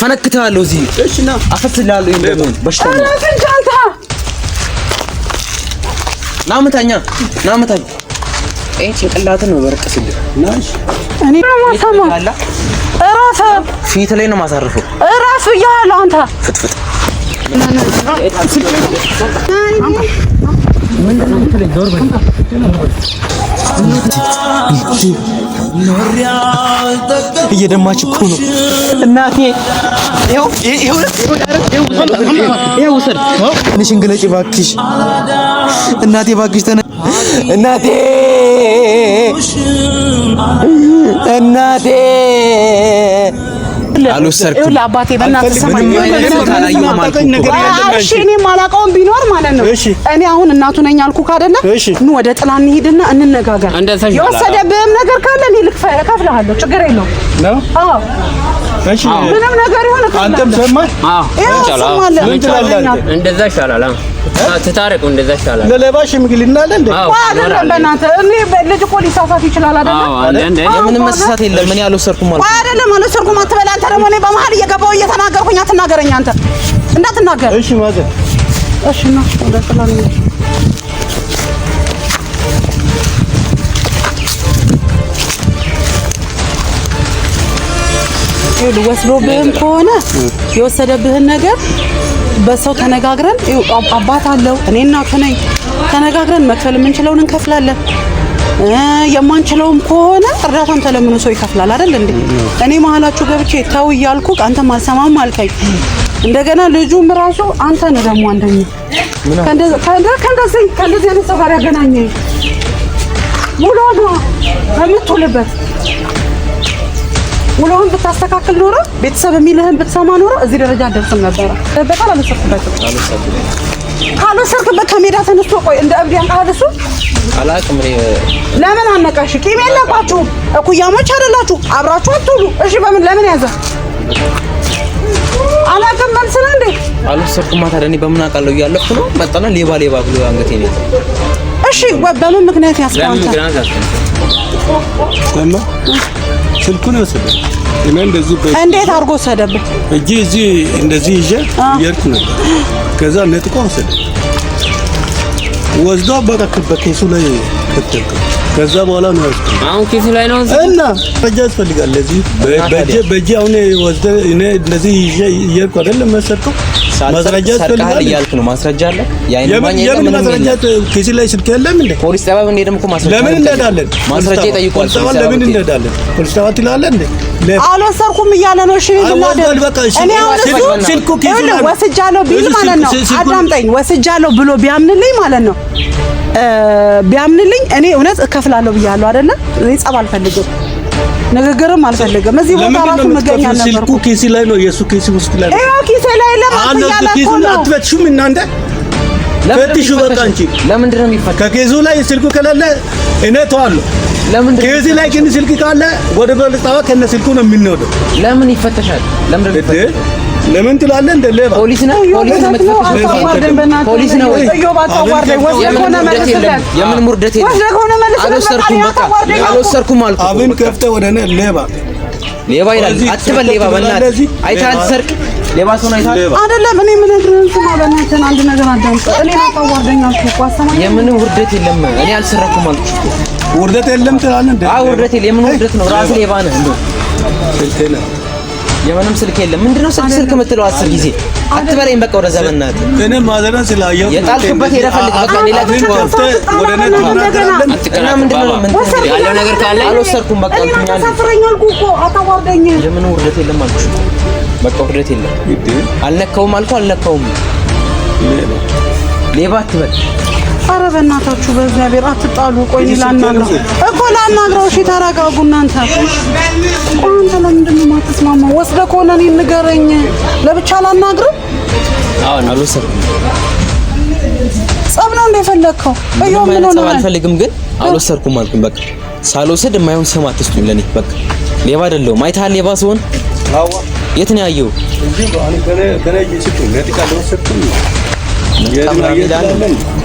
ፈነክተዋለሁ። እዚህ አፈትልሃለሁ። ይሄን ደግሞ በሽተኛ ጭንቅላትን ነው በረቀ ስል ፊት ላይ ነው የማሳርፈው። እረፍ ብያለሁ። አንተ ፍጥፍጥ ምንድን ነው የምትለኝ? እየደማች እኮ ነው እናቴ። ይኸው ውሰድ፣ ትንሽን ግለጪ እባክሽ እናቴ፣ እባክሽ ተነ እናቴ እናቴ አላውቀውም ቢኖር ማለት ነው። እኔ አሁን እናቱ ነኝ አልኩህ አይደለ? ኑ ወደ ጥላ እንሂድና እንነጋገር። የወሰደብህም ነገር ካለ እኔ ልከፍልሃለሁ፣ ችግር የለውም። ምንም ነገር ይሁን አንተም ሰማህ። እንደዛ ይሻላል። ትታረቁ እንደዛ ይሻላል። ለሌባ ሽምግልና አለ እንዴ? አይደለም። በእናትህ እኔ ልጅ እኮ ሊሳሳት ይችላል። አይደለም የምንም መሳሳት የለም። እኔ አልወሰድኩም ማለት አይደለም። አልወሰድኩም አትበል። አንተ ደግሞ እኔ በመሀል እየገባሁ እየተናገርኩኝ አትናገረኝ። አንተ እንዳትናገር እሺ። ማዘር እሺ። እና ወደ ወስዶብህም ከሆነ የወሰደብህን ነገር በሰው ተነጋግረን አባት አለው እኔ እናቱ ነኝ ተነጋግረን መክፈል የምንችለውን እንከፍላለን። የማንችለውም ከሆነ እርዳታም ተለምኖ ሰው ይከፍላል አይደል እንዴ? እኔ መሀላችሁ ገብቼ ተው እያልኩ አንተም አልሰማም አልከኝ። እንደገና ልጁም ራሱ አንተ ነህ ደግሞ አንደኛ ከእንደዚህ አይነት ሰው ጋር ያገናኘኝ ሙሉ በምትውልበት ውሎህን ብታስተካክል ኖሮ ቤተሰብ የሚልህን ብትሰማ ኖሮ እዚህ ደረጃ አደርስም ነበረ። በጣም አልወሰድክበትም። ካልወሰድክበት ከሜዳ ተነስቶ ቆይ እንደ እብድ ያንቃሃል እሱ። ለምን አነቃሽ? ቂም የለባችሁም፣ እኩያሞች አይደላችሁ፣ አብራችሁ አትውሉ። እሺ በምን ለምን ያዘ አላውቅም መልስ ነው እንዴ? አልወሰድኩም። ታዲያ እኔ በምን አውቃለሁ? እያለፍኩ ነው መጣና ሌባ ሌባ ብሎ አንገቴ ነው። እሺ በምን ምክንያት ያስቀምጣል? ስልኩን ወሰደ። እኔ እንደዚህ በ እንዴት አድርጎ ወሰደብህ? እጄ እዚህ እንደዚህ ይዤ እየሄድኩ ነበር። ከዛ ነጥቆ ወሰደ። ወስዶ በቃ በኬሱ ላይ ከተከ ከዛ በኋላ ነው ያዝኩት። አሁን ኬሱ ላይ ነው እና በእጄ ያስፈልጋል። ለዚህ በእጄ በእጄ አሁን ወስደ እኔ እንደዚህ ይዤ እየሄድኩ አይደለም መሰጠው ማስረጃ ሰርቀሃል እያልክ ነው። ማስረጃ አለ። የምን ማስረጃ? ኬሲ ላይ ስልክ የለም እንዴ? ፖሊስ ጣቢያ ብንሄድም እኮ ማስረጃ ለምን እንሄዳለን? ማስረጃ ይጠይቋል። ለምን እንሄዳለን? ፖሊስ ጣቢያ ትላለህ እንዴ? አልወሰድኩም እያለ ነው። እሺ ወስጃለሁ ቢል ማለት ነው። አዳምጠኝ፣ ወስጃለሁ ብሎ ቢያምንልኝ ማለት ነው ቢያምንልኝ እኔ እውነት እከፍላለሁ ብያለሁ አይደለ? እኔ ጸብ አልፈልግም። ንግግርም አልፈልግም። እዚህ ቦታ ራሱ መገኛ ነበር። ስልኩ ኪሲ ላይ ነው፣ የሱ ኪሲ ውስጥ ላይ ነው። ይሄው ኪሲ ላይ አትፈትሹም እናንተ ፈትሹ። በቃ እንጂ ለምንድን ነው የሚፈታ? ከኪሱ ላይ ስልኩ ከሌለ እኔ ተዋለሁ። ኪሲ ላይ ግን ስልክ ካለ ወደ በልጣዋ ከነ ስልኩ ነው የሚነደው። ለምን ይፈተሻል? ለምንድን ነው ለምን ትላለህ? እንደ ሌባ ፖሊስ ነው። ፖሊስ ነው። ፖሊስ ነው። አብን ከፍተህ ወደ እኔ ሌባ ሌባ ይላል። አትበል ሌባ በእናትህ አይተሃል ሰርቅ ሌባ ሰው ነው አይደለም። እኔ ምን እንደሆነ በእናትህ አንድ ነገር አዳምጥ። እኔ የምን ውርደት የለም። እኔ አልሰረኩም አልኩ። ውርደት የለም ትላለህ። ውርደት የለም። የምን ውርደት ነው? ራስህ ሌባ ነህ። የምንም ስልክ የለም። ምንድነው ስልክ ስልክ የምትለው? አስር ጊዜ አትበለኝ። በቃ ወደዛ በእናትህ እኔ ማዘና ስላየው የጣልክበት የረፈልክ በቃ ሌላ ትጭቆ ወደ ነጥ እና ምንድነው ምን ያለው ነገር ካለ አልወሰድኩም። በቃ እንትኛል ሰፍረኛል ኩኮ አታዋርደኝ። የምን ውርደት የለም አልኩሽ። በቃ ውርደት የለም። አልነካውም አልኩ አልነካውም። ሌባ አትበል አረ በእናታችሁ በእግዚአብሔር አትጣሉ። ቆይ እኔ ላናግረው እኮ ላናግረው። እሺ ተረጋጉ እናንተ። ቆይ አንተ ለምንድን ነው የማትስማማው? ወስደህ ከሆነ እኔን ንገረኝ። ለብቻ ላናግረው። አሁን አልወሰድኩም። ጸብ ነው እንደፈለግከው። እየው ምን ሆነ? አልፈልግም ግን አልወሰድኩም አልኩኝ። በቃ ሳልወስድ የማይሆን ስም አትስጡኝ ለኔ። በቃ ሌባ አይደለሁም። አይተሃል ሌባ ሲሆን የት ነው ያየው? እዚህ ባን ከነ ከነ ይስጡ ለጥቃ ለወሰድኩኝ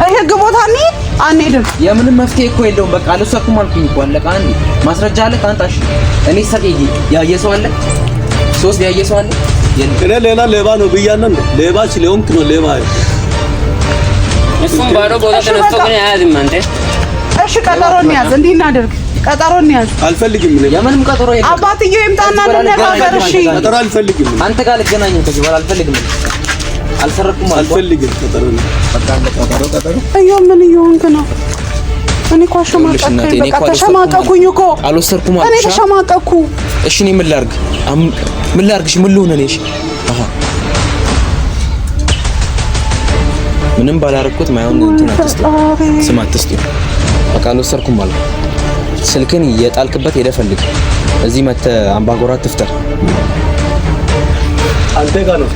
ህግ ቦታ እንሂድ አንሄድም። የምንም መፍትሄ እኮ የለውም። በቃ አልወሰድኩም አልኩኝ እኮ አለቃ። አንዴ ማስረጃ አለ ካንታሽ እኔ ይ ያየ ሰው አለ ሶስት ያየ ሰው አለ። እኔ ሌላ ሌባ ነው ብያለሁ። ሌባ ስለሆንክ ነው ሌባ እሱም ባዶ ቦታ ተነስቶ ግን አያዝም። አንተ እሺ፣ ቀጠሮ እንያዝ፣ እንዲህ እናደርግ። ቀጠሮ እንያዝ። አልፈልግም። ነው የምንም ቀጠሮ የለም። አባትዬው ይምጣና እንነጋገር። እሺ፣ ቀጠሮ አልፈልግም። አንተ ጋር ልገናኝ ከዚህ በኋላ አልፈልግም። አልሰረኩም፣ አልፈልግም። ቀጠሮ ምን እየሆንክ ነው? እኔ እኮ ተሸማቀኩኝ እኮ አልወሰድኩም። እኔ ተሸማቀኩ። እሺ እኔ ምን ላድርግ? ምን ላድርግሽ? ምን ልሆን እኔ? እሺ ምንም ባላረኩት ማይሆን እንትን አትስጥ፣ ስም አትስጥ። በቃ አልወሰድኩም አልኩ። ስልክን የጣልክበት ሄደህ ፈልግ። እዚህ መተህ አምባጓሮ አትፍጠር። አንተ ጋር ነው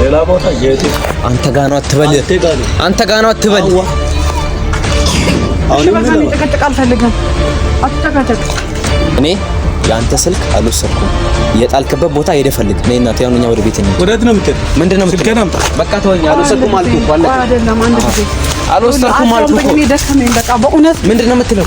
ሌላ ቦታ አንተ ጋር ነው አትበል፣ አንተ ጋር ነው አትበል። እኔ የአንተ ስልክ አልወሰድኩም። የጣልክበት ቦታ ሄደህ ፈልግ። እኔ እናቴ አሁን እኛ ወደ ቤት ነው። ወዴት ነው የምትሄድ? ምንድን ነው የምትሄድ? በቃ ተወኝ። አልወሰድኩም አልኩህ እኮ አለቀ። አልወሰድኩም አልኩህ እኮ። ምንድን ነው የምትለው?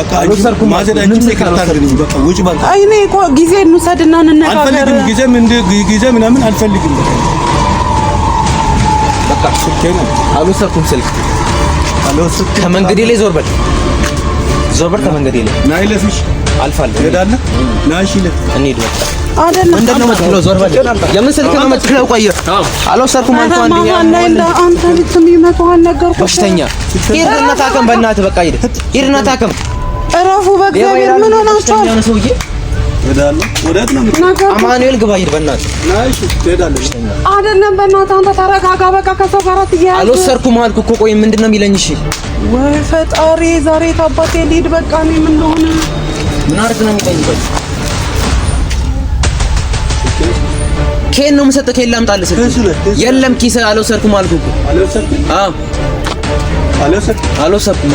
በቃ ጊዜ እንውሰድና እንነጋገር። ጊዜ ምናምን አልፈልግም። በቃ አልወሰድኩም። ስልክ ከመንገዴ ላይ ዞር በል፣ ዞር በል ከመንገዴ ላይ ናይ ለፊሽ አልፋለሁ። እሄዳለሁ። ናሽ ይለ እንሂድ በቃ የምን ስልክ ነው የምትለው? ቆይ አልወሰድኩም አልኩህ። አንተ ልትም ይመጣዋል ነገርኩህ። በሽተኛ ሂድና ታከም፣ በእናትህ በቃ ሂድ ሂድና ታከም። እረፉ። በእግዚአብሔር ምን ሆናችኋል? አማኑኤል ግባ፣ ሂድ። በእናትህ አይደለም፣ በእናትህ አንተ ተረጋጋ። በቃ ከሰው ጋር ትያያለህ። አልወሰድኩም አልኩህ እኮ። ቆይ ምንድን ነው የሚለኝ? እሺ፣ ወይ ፈጣሪ፣ ዛሬ ታባቴ ልሂድ። በቃ ምን እንደሆነ ምን አድርግ ነው የሚለኝ? ኬን ነው የምሰጠው። ኬን ላምጣልህ የለም ኪስ አልወሰድኩም አልኩህ እኮ። አልወሰድኩም አልወሰድኩም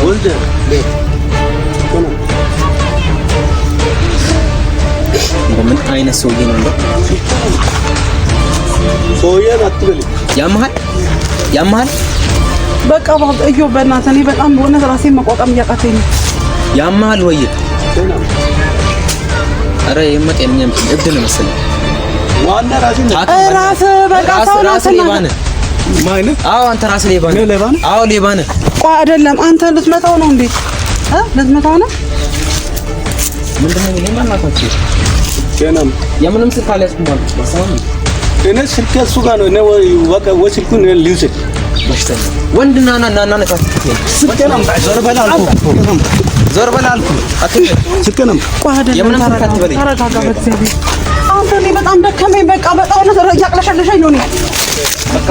አይነት ሰውዬ ነው እንዴ? ሰውዬን አትበል። ያመሃል ያመሃል። በቃ ባብ እዮ በእናትህ እኔ በጣም በእውነት ራሴን መቋቋም እያቃተኝ ነው። ያመሃል ወይ? አረ የመጤኛም የኛም እድል መሰለኝ። ዋና ራሴን ራስ በቃ ሰው ነው ነህ። ማይነህ? አዎ አንተ ራስህ ሌባ ነህ። ሌባ ነህ? አዎ ሌባ ነህ። ቆይ አይደለም አንተ ልትመጣው ነው እንዴ? እ ልትመጣው ነው ምንድነው? ለማን ማጣችሁ የምንም ስልክ አልያዝኩም እኔ ስልክ እሱ ጋር ነው። እኔ ወቀ ወስልኩን ልውሰድ ወንድና ና ና ና ዞር ዞር በል አልኩህ። ስልክ አትበለኝ። አንተ እኔ በጣም ደከመኝ። በቃ በጣም እያቅለሸለሸኝ ነው። በቃ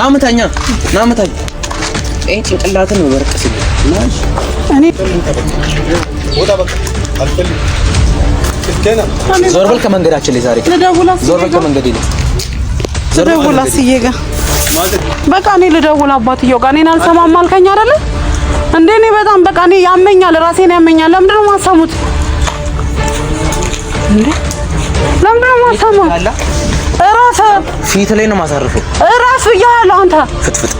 ናምታኛ ናምታኝ ይሄ ጭንቅላትን ነው ወርቅ ሲል እኔ ዞር በል ከመንገዳችን ላይ ዛሬ ዞር በል ከመንገዴ ላይ ልደውል አስዬ ጋር በቃ እኔ ልደውል አባትዬው ጋር እኔን አልሰማም አልከኝ አይደለ እንዴ እኔ በጣም በቃ እኔ ያመኛል ራሴን ያመኛል ለምንድን ነው የማትሰሙት እንዴ ለምንድን ነው የማትሰሙት እረፍ። ፊት ላይ ነው የማሳርፈው። እረፍ እያለሁ አንተ ፍትፍት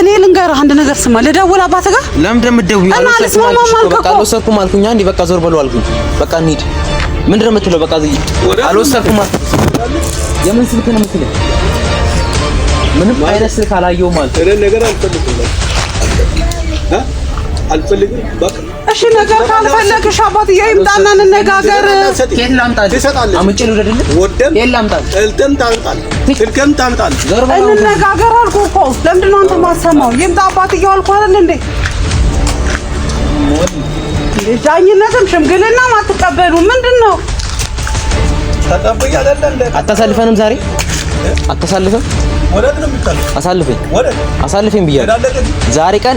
እኔ ልንገርህ አንድ ነገር ስማ። ልደውል አባትህ ጋር ለምን እንደምትደውይው እና አልስማማም አልክ እኮ። በቃ አልወሰድኩም አልኩኝ። አንዴ በቃ ዞር በለው አልኩኝ። በቃ እንሂድ። ምንድን ነው የምትለው? በቃ አልወሰድኩም አልኩኝ። የምን ስልክ ነው የምትለው? ምንም አይነት ስልክ አላየሁም አልኩኝ። እኔ ነገር አልፈልግም፣ አልፈልግም በቃ እሺ ነገር ካልፈለግሽ አባትዬ ይምጣና እንነጋገር። የት ላምጣልህ? ትሰጣለህ። አምጪ ትልቅም እንነጋገር አልኩህ እኮ። ለምንድን ነው አንተ የማትሰማው? ይምጣ አባትዬው አልኩህ አይደል እንዴ? ዳኝነትም ሽምግልናም አትቀበሉ። ምንድን ነው አታሳልፈንም? ዛሬ አታሳልፈን? አሳልፈኝ አሳልፈኝ ብያለሁ። ዛሬ ቀን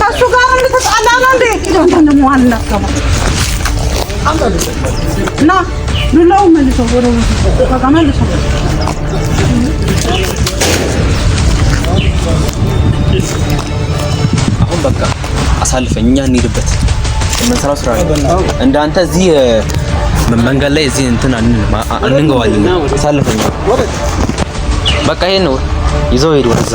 ከሱ ጋር እንድትጣላ ነው እንደ አሁን በቃ አሳልፈኝ፣ እኛ እንሂድበት የምንሰራው ስራ እንደ እዚህ መንገድ ላይ እዚህ እንትን አንንገዋለን። አሳልፈኝ በቃ ይሄን ነው ይዘው ሄዱ ወደዛ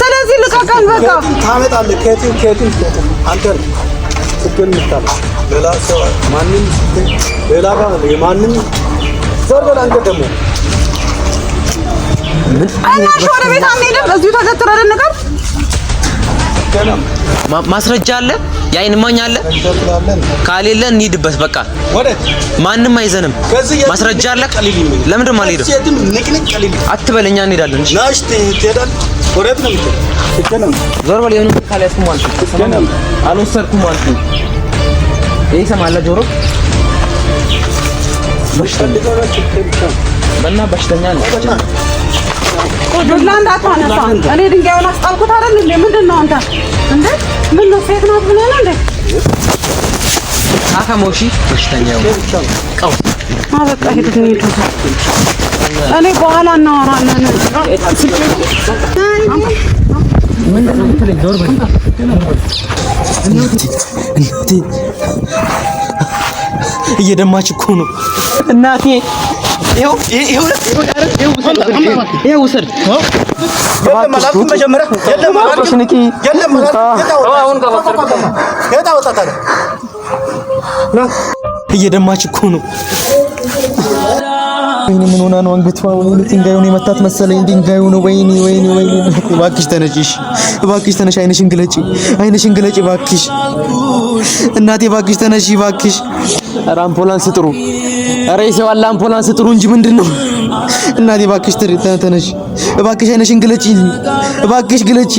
ስለዚህ ልቀቀን። በቃ ታመጣለህ። ከየትም ከየትም አንተ ችግር የምታመጣ ሌላ ሰው ማንም ሌላ ጋር የማንም ዘር በላ አንተ ደግሞ ወደ ቤት አንሄድም። እዚሁ ተገትረን እንቀር። ማስረጃ አለ የአይን ማኝ አለ ካሌለ እንሂድበት። በቃ ማንም አይዘንም። ማስረጃ አለ። ለምንድን ነው የማልሄደው? እንሄዳለን። ዞር በል። የሆነ ካል ይሄ ጆሮ በና በሽተኛ ነው። እኔ ድንጋዩን አስጣልኩት አይደል? ምንድን ነው አንተ እንዴ ምን ነው ናት ብለህ ነው እንዴ? አከሞሺ ቀው አበቃ እኔ በኋላ እናወራለን። እናቴ እየደማች እኮ ነው እናቴ። ይኸው ይኸው ይኸው ይኸው እየደማች እኮ ነው። ወይኔ ምን ሆና ነው? አንገቷ ወይኔ ድንጋዩን የመታት መሰለኝ። ድንጋዩ ነው። ወይኔ ወይኔ ወይኔ። እባክሽ ተነጪሽ፣ እባክሽ ተነሽ። አይንሽን ግለጪ፣ አይንሽን ግለጪ። እባክሽ እናቴ፣ እባክሽ ተነሺ፣ እባክሽ። ኧረ አምፖላንስ ጥሩ፣ ኧረ የሰው አለ አምፖላንስ ጥሩ እንጂ ምንድን ነው እናቴ፣ እባክሽ ተነሽ። እባክሽ አይነሽን ግለጪ፣ እባክሽ ግለጪ።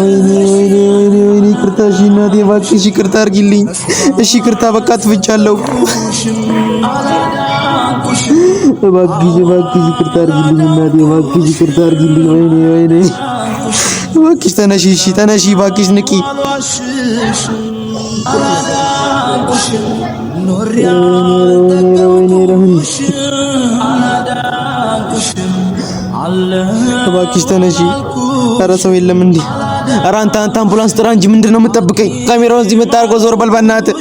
ወይኔ ይቅርታ፣ እሺ እናቴ፣ እባክሽ ይቅርታ አድርጊልኝ። እሺ ይቅርታ፣ በቃ ትፍቻለሁ። እባክሽ እባክሽ ይቅርታ አድርጊልኝ እናቴ፣ እባክሽ ይቅርታ አድርጊልኝ። ወይኔ ወይኔ፣ እባክሽ ተነሺ፣ እሺ ተነሺ፣ እባክሽ ንቂ። እባክሽ ተነሺ። ኧረ ሰው የለም እንዴ? ኧረ አንተ አንተ አምቡላንስ ጥራ እንጂ ምንድን ነው የምጠብቀኝ? ካሜራውን እዚህ የምታደርገው ዞር በል በእናትህ።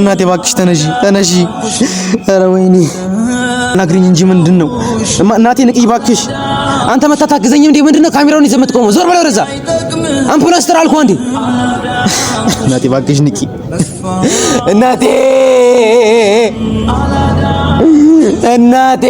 እናቴ እባክሽ ተነሺ፣ ተነሺ። ኧረ ወይኔ ናግሪኝ እንጂ ምንድን ነው እናቴ? ንቂ ባክሽ። አንተ መታታግዘኝ እንዴ? ምንድን ነው ካሜራውን ይዘህ የምትቆመው? ዞር በለው ወደዛ። አምቡላንስ ጥራ አልኩህ እንዴ? እናቴ ባክሽ ንቂ እናቴ እናቴ